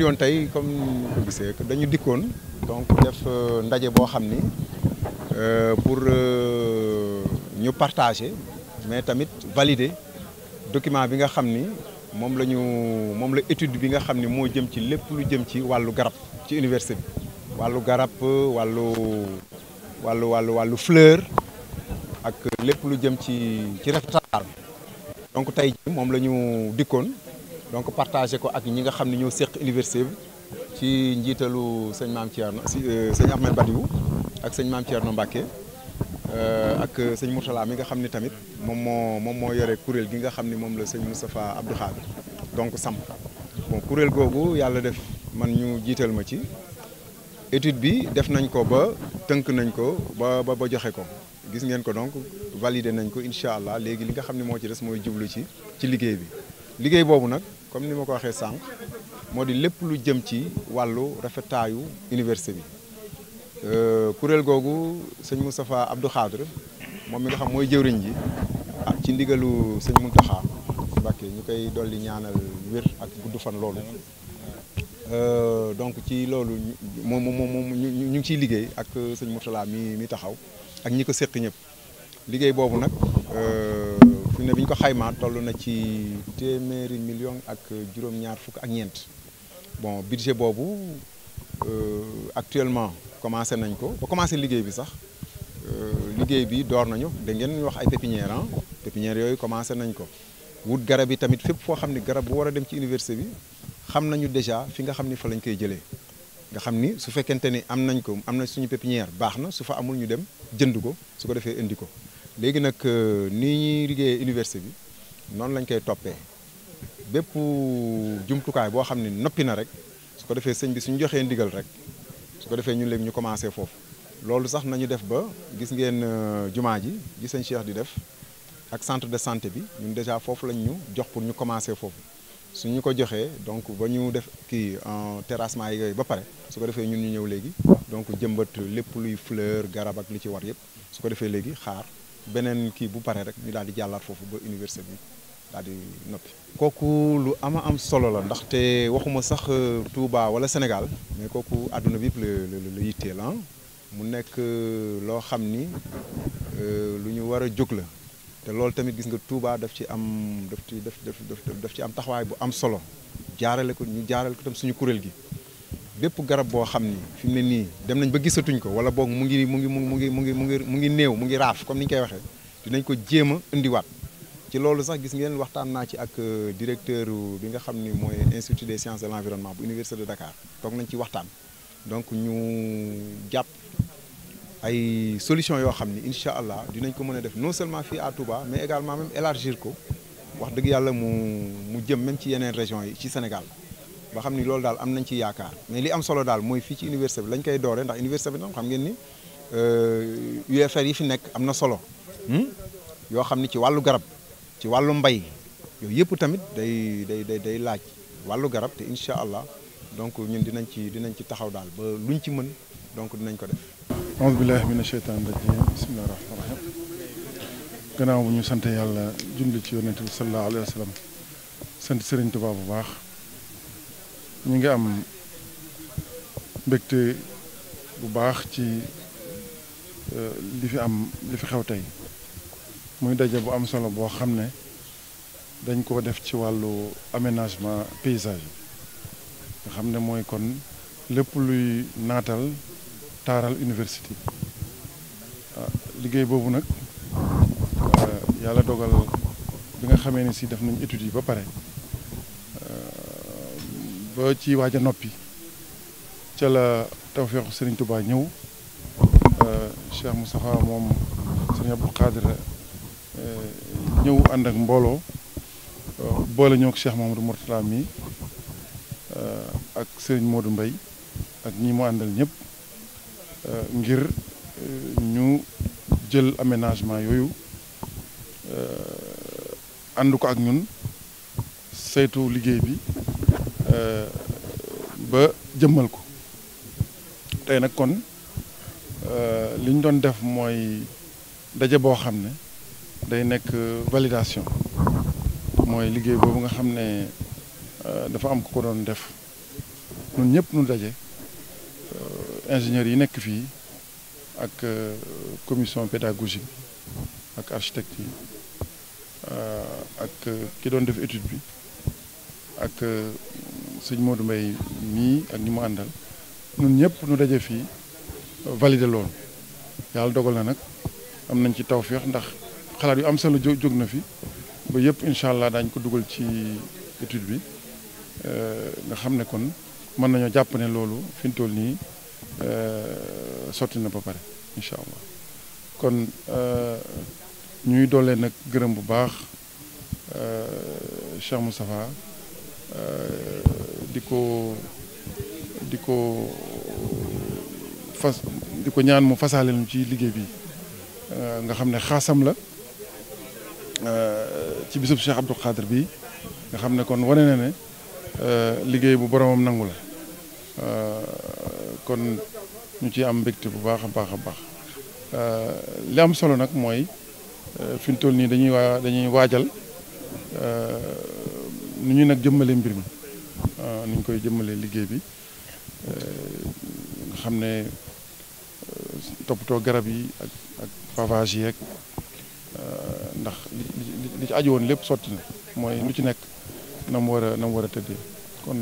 yoon tey comme ni dañu dikkoon donc def euh, ndaje boo xam ni euh, pour euh, ñu partager mais tamit valider document bi nga xam ni moom la ñu moom la étude bi nga xam ni moo jëm ci lépp lu jëm ci wàllu garab ci université bi wàllu garab wàllu wàllu wàllu wàllu fleur ak lépp lu jëm ci ci rafetal donc tey moom la ñu dikkoon donc partagé ko ak ñi nga xam ne ñoo seq université ci njiitalu sëñ maam Thierno si euh, sëñ Ahmed Badiou ak sëñ maam Thierno Mbacké euh, ak sëñ Mourtala mi nga xam ni tamit moom moo moom moo yore kuréel gi nga xam ni moom la sëñ Moustapha Abdou Khadir donc samp bon kuréel googu yàlla def man ñu jiital ma ci étude bi def nañ ko ba tënk nañ ko ba ba joxe ko gis ngeen ko donc validé nañ ko incha allah léegi li nga xam ne moo ci des mooy jublu ci ci liggéey bi liggéey boobu nag comme ni ma ko waxee sànq moo di lépp lu jëm ci wàllu rafetaayu université bi euh, kuréel googu sëñ Moustapha Abdou Khadre moom mi nga xam mooy jëwriñ ji ak ci ndigalu sëñ ñu koy dolli ñaanal wér ak gudd fan loolu euh, donc ci loolu moom ciy liggéey ak sëñ Mourtala mi mi taxaw ak ñi ko séq ñëpp liggéey boobu nag euh, fi ne bi ñu ko xaymaa toll na ci téeméeri million ak juróom-ñaar fukk ak ñeent bon budget boobu euh, actuellement commencé nañ ko ba commencé liggéey bi sax euh, liggéey bi door nañu da ngeen wax ay pépinière ah pépinière yooyu commencé nañ ko wut garab yi tamit fépp foo xam ni garab bu war a dem ci université bi xam nañu déjà fi nga xam ni fa lañ koy jëlee nga xam ni su fekkente ni am nañ ko am na suñu pépinière baax na su fa amul ñu dem jënd ko su ko defee indi ko léegi nag euh, nii ñuy liggéeyee université bi noonu lañ koy toppee bépp jumtukaay boo xam ne noppi na rek su ko defee sëñ bi suñu joxee ndigal rek su ko defee ñun léegi ñu commencé foofu loolu sax nañu def ba gis ngeen euh, jumaa ji gi sëñ Cheikh di def ak centre de santé bi ñun déjà foofu lañ ñu jox pour ñu commencé foofu suñu ko joxee donc ba ñu def kii euh, terrassement yi yooyu ba pare su ko defee ñun ñu ñëw léegi donc jëmbat lépp luy fleur garab ak li ci war yëpp su ko defee léegi xaar beneen kii bu paree rek ñu daal di jàllaat foofu ba université bi daal di noppi. kooku lu ama am solo la ndaxte waxuma sax euh, Touba wala Sénégal mais kooku àdduna bi yëpp la la la yitteel ah. mu nekk euh, loo xam ni euh, lu ñu war a jóg la te loolu tamit gis nga tuubaa daf ci am daf ci daf daf daf ci am taxawaay bu am solo jaarale ko ñu jaarale ko tam suñu kuréel gi. bépp garab boo xam ni fi mu ne nii dem nañ ba gisatuñ ko wala book mu ngi mu ngi mu ngi mu ngi mu ngi mu ngi néew mu ngi raaf comme ni ñu koy waxee dinañ ko jéem a indiwaat ci loolu sax gis ngeen waxtaan naa ci ak euh, directeur bi nga xam ni mooy institut des sciences de l'environnement bu université de Dakar toog nañ ci waxtaan donc ñu jàpp ay solution yoo xam ni incha allah dinañ ko mën a def non seulement fii à Touba mais également même élargir ko wax dëgg yàlla mu mu jëm ci yeneen régions yi ci Sénégal ba xam ni loolu daal am nañ ci yaakaar mais li am solo daal mooy fii ci université bi lañ koy dooree ndax université bi tam xam ngeen ni euh, UFR yi fi nekk am na solo hmm? yoo xam ni ci wàllu garab ci wàllu mbay yooyu yëpp tamit day day day day laaj wàllu garab te incha allah donc ñun dinañ ci dinañ ci taxaw daal ba luñ ci mën donc dinañ ko def aouzu billahi mina sheytaani ñu sant yàlla julli ci yonente bi sallallahu alayhi wa sallam sant Sëriñ Tuubaa bu baax ñu ngi am mbégte bu baax ci euh, li fi am li fi xew tey muy daje bu am solo boo xam ne dañ ko def ci wàllu aménagement yi nga xam ne mooy kon lépp luy naatal taaral université ah, liggéey boobu nag euh, yàlla dogal bi nga xamee ni si def nañ études yi ba pare ba ci waaj a noppi ca la tawféexu Serigne Touba ñëw euh, Cheikh Moustapha moom Serigne Abdou Khadre euh, ñëw ànd ak mbooloo euh, boole ñoo ak Cheikh Mamadou Mourtala mi ak Serigne Modou mbay ak ñi mu àndal ñëpp ngir ñu jël aménagement yooyu ànd ko ak ñun saytu liggéey bi Euh, ba jëmmal ko tey nag kon euh, li ñu doon def mooy daje boo xam ne day nekk validation mooy liggéey boobu nga xam ne euh, dafa am ku ko doon def ñun ñëpp nu daje ingénieurs yi nekk fii ak commission pédagogique bi ak architecte ak ki doon def étude bi ak sëñ Modou Mbaye mii ak ñi mu àndal ñun ñëpp ñu daje fii valider loolu yàlla dogal na nag am nañ ci tawféex ndax xalaat yu am solo jóg na fi ba yëpp incha allah daañu ko dugal ci étude bi euh, nga xam ne kon mën nañoo jàpp ne loolu fi ñu toll nii euh, sotti na ba pare incha allah kon euh, ñuy doole nag gërëm bu baax Cheikh Moustapha di ko di ko fas di ko ñaan mu fasaale nu ci liggéey bi euh, nga xam ne xaasam la euh, ci bisub Cheikh Abdou Khadr bi nga xam ne kon wane na ne euh, liggéey bu boromam nangu la kon ñu ci am mbégte bu baax a baax a baax li am solo nag mooy fi ñu toll nii dañuy waa dañuy waajal nu ñu nag jëmmale mbir mi Euh, ni ñu koy jëmmalee liggéey bi euh, nga xam ne euh, toppatoo garab yi ak ak pavage yi ak ndax li ci aju lépp sotti na mooy lu ci nekk na mu war a war a tëddee kon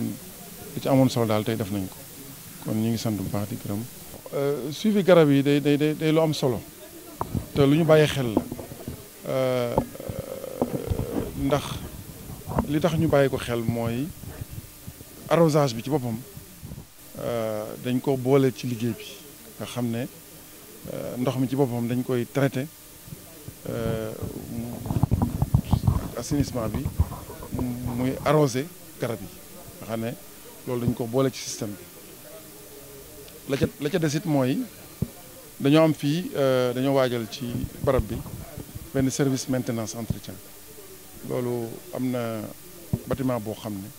li ci amoon solo daal tey def nañ ko kon ñu ngi sant bu baax di gërëm. suivi garab yi day day day day lu am solo te lu ñu bàyyi xel la ndax li tax ñu bàyyi ko xel mooy. arrosage bi ci boppam euh, dañ ko boole ci liggéey bi nga xam ne euh, ndox mi ci boppam dañ koy traité euh, assainissement bi muy arrosé garab yi nga xam ne loolu dañ ko boole ci système bi la ca la ca desit mooy dañoo am fii dañoo waajal ci barab bi benn service maintenance entretien loolu am na bâtiment boo xam ne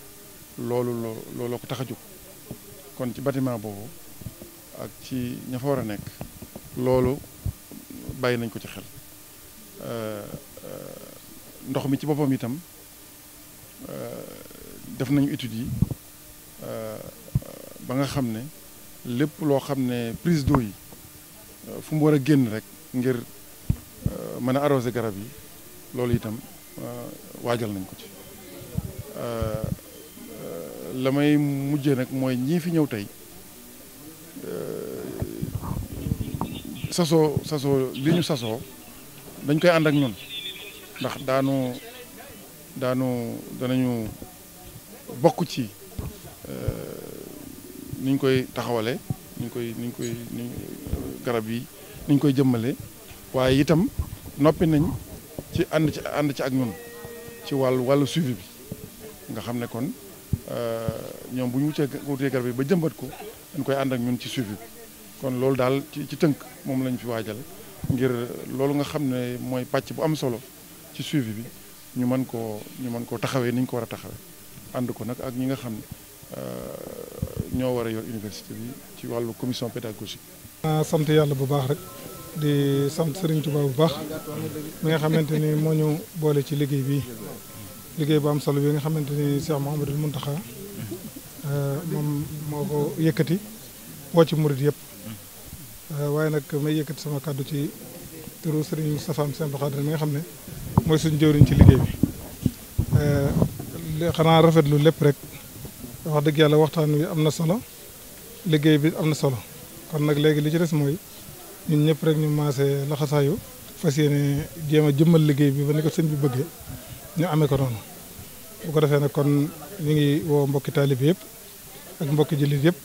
loolu looloo ko tax a jóg kon ci bâtiment boobu ak ci ña fa war a nekk loolu bàyyi nañ ko ci xel euh, euh, ndox mi ci boppam itam euh, def nañu études yi ba nga xam ne lépp loo xam ne prise d'eau yi fu mu war a génn rek ngir mën a arroser garab yi loolu itam waajal nañ ko ci lamay may mujjee nag mooy ñii fi ñëw tey euh, sasoo sasoo li ñu sasoo dañ koy ànd ak ñun ndax daanu daanu danañu bokk ci euh, ni ñu koy taxawale ni ñu koy ni ñu koy garab yi ni ñu koy jëmmale waaye itam noppi nañ ci ànd ci ànd ci ak ñun ci wàll wàll suivi bi nga xam ne Euh, ñoom bu ñu wutee wutee garab yi ba jëmbat ko dañ koy àndak ak ñun ci suivi bi kon loolu daal ci ci tënk moom lañ fi waajal ngir loolu nga xam ne mooy pàcc bu am solo ci suivi bi ñu mën koo ñu mën koo taxawee ni ko war a taxawee ànd ko nag ak ñi nga xam ne euh, ñoo war a yor université bi ci wàllu commission pédagogique. sant yàlla bu baax rek di sant Serigne Touba bu baax mi nga xamante ni moo ñu boole ci liggéey bi. liggéey bu am solo bi nga xamante ni Cheikh Mouhamadul Mountakha mhm. euh, moom moo ko yëkkati woo ci murit yëpp mhm. euh, waaye nag may yëkkati sama kàddu ci turu Serigne Moustapha Am Sëñ Xaadir mi nga xam ne mooy suñu jëwriñ ci liggéey bi euh, xanaa rafetlu lépp rek wax dëgg yàlla waxtaan wi am na solo liggéey bi am na solo kon nag léegi li ci des mooy ñun ñëpp rek ñu maase laxasaayu fas yéene jéem a jëmmal liggéey bi ba ni ko sëñ bi bëggee ñu amee ko noonu bu ko defee nag kon ñu ngi woo mbokki taalib yëpp ak mbokki jullit yëpp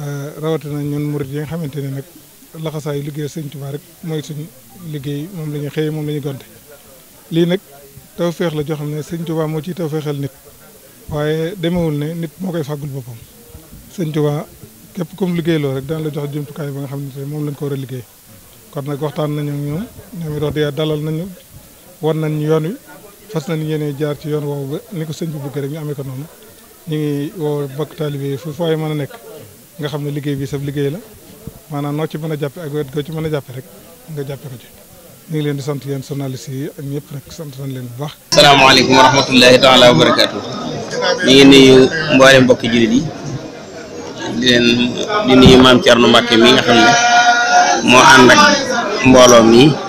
eh, rawatina ñun murit yi nga xamante ne nag laxasaayu liggéey sëñ Tuubaa rek mooy suñ liggéey moom la ñuy xëyee moom la ñuy gonte lii nag tawféex la joo xam ne sëñ Tuubaa moo ciy tawféexal nit waaye demewul ne nit moo koy fàggul boppam sëñ Tuubaa képp comme liggéey liggéeyloo rek daan la jox jumtukaay ba nga xam ne moom lañ ko war a liggéey kon nag waxtaan nañu ak ñoom ñoom it dalal nañu wan nañ yoon wi fas nañ yéene jaar ci yoon woowu ba ni ko sëñ bi bëgg rek ñu amee ko noonu ñu ngi woo bakk taalibe fu fooy mën a nekk nga xam ne liggéey bi sab liggéey la maanaam noo ci mën a jàppe ak wet goo ci mën a jàppe rek nga jàppe ko ci ñu ngi leen di sant yéen journaliste yi ak ñëpp rek sant nañ leen bu baax asalaamaaleykum wa rahmatullahi taala wa barakaatu ñu ngi nuyu mboolem mbokki jullit yi di leen di nuyu maam Thierno Mbacke mi nga xam ne moo ànd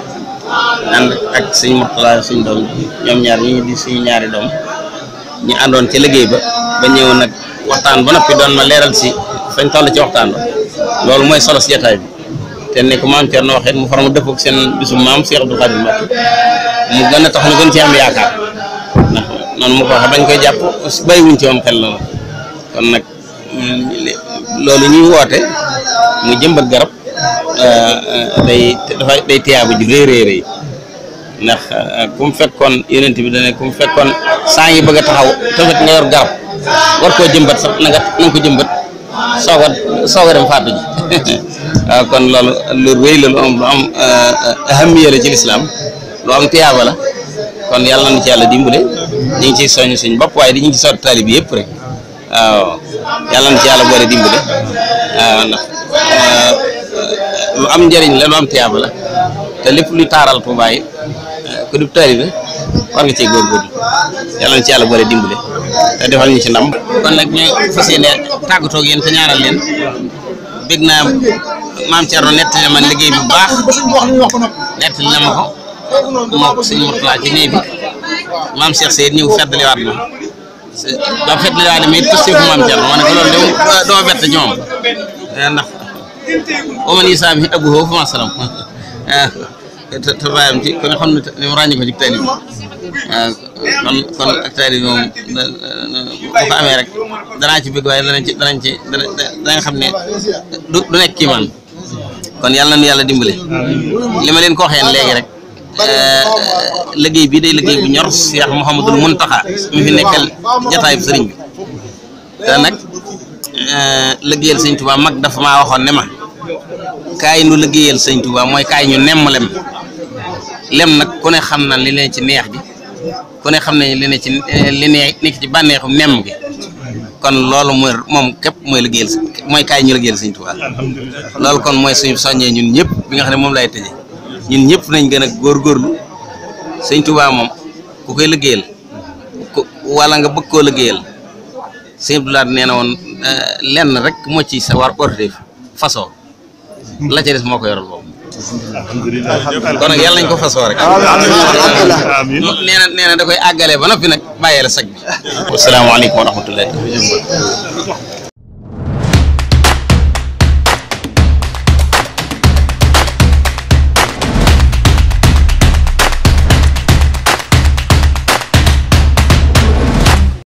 ànd ak sëñ Murtala suñ doom ñoom ñaar ñi di ñaari doom ñu àndoon ca liggéey ba ba ñëw nag waxtaan ba noppi doon ma leeral si fañ toll ci waxtaan ba loolu mooy solo si jotaay bi te ne ko maam Thierno waxee mu faram dëpp seen bisum maam Cheikh Abdou Khadim Mbacké mu gën a tax ñu gën ci am yaakaar ndax noonu mu ko waxee bañ koy jàpp bàyyiwuñ ci moom xel la kon nag loolu ñuy woote mu jëmbat garab euh, euh, day dafay day tiyaabu ju rëy rëy ndax euh, ku mu fekkoon yonent bi dane ku mu fekkoon saa ngi bëgg a taxaw tafat nga yor garab war koo jëmbat sax na nga ko jëmbat soog a soog a dem faatu ji waaw kon loolu lu rëy la euh, lu am tiyaaba la kon yàlla na ci yàlla dimbale ciy soññ suñ bopp waaye dañu ci sotti taalib yëpp rek waaw yàlla na euh, njëriñ la lu te lépp luy taaral Tuubaa yi ko dib taalibe war nga cee góorgóorlu yàlla na ci yàlla boole dimbale te defal ñu ci ndam. kon nag ñu fas yéene tàggatoo ak yéen te ñaanal leen bég naa maam Thierno nettali na ma liggéey bu baax nettali na ma ko moog suñu murtalaa ci néeg bi maam Cheikh Seye ñëw fàttaliwaat na ba fàttaliwaat na ma it fas maam ma ne ñoom eh, ndax wa man yusaamihi abuhu fa ma salaam te te baayam ko ci taalib bi ah, kon kon ak moom bu amee rek danaa ci bëgg waaye danañ xam ne du du kon yàlla na yàlla dimbale li ma leen ko waxee léegi rek eh, liggéey bii day liggéey bu ñor Cheikh Mouhamadul Mountakha mu fi nekkal jataayu sëriñ bi te nag eh, liggéeyal Sëriñ Tuubaa mag dafa maa waxoon ne ma. kaay nu liggéeyal sëñ Touba mooy kaay ñu nemm lem lem nag ku xam na li ne ci neex bi ku xam nañ li ne ci li ne nekk ci bànneexu nemm gi loolu mooy moom képp mooy liggéeyal mooy kaay ñu liggéeyal sëñ Touba loolu kon mooy suñu soññee ñun ñëpp nga xam ne moom lay tëjee ñun ñëpp nañ gën a góorgóorlu sëñ moom ku koy liggéeyal ku nga bëgg koo liggéeyal sëñ Abdoulaye nee na woon eh, lenn rek moo ci sa war ordre façon la ca des moo ko yoral boobu. kon nag yàlla nañ ko fasoo rek. nee na nee na da koy àggalee ba noppi nag bàyyee la sag bi. asalaamaaleykum wa rahmatulah.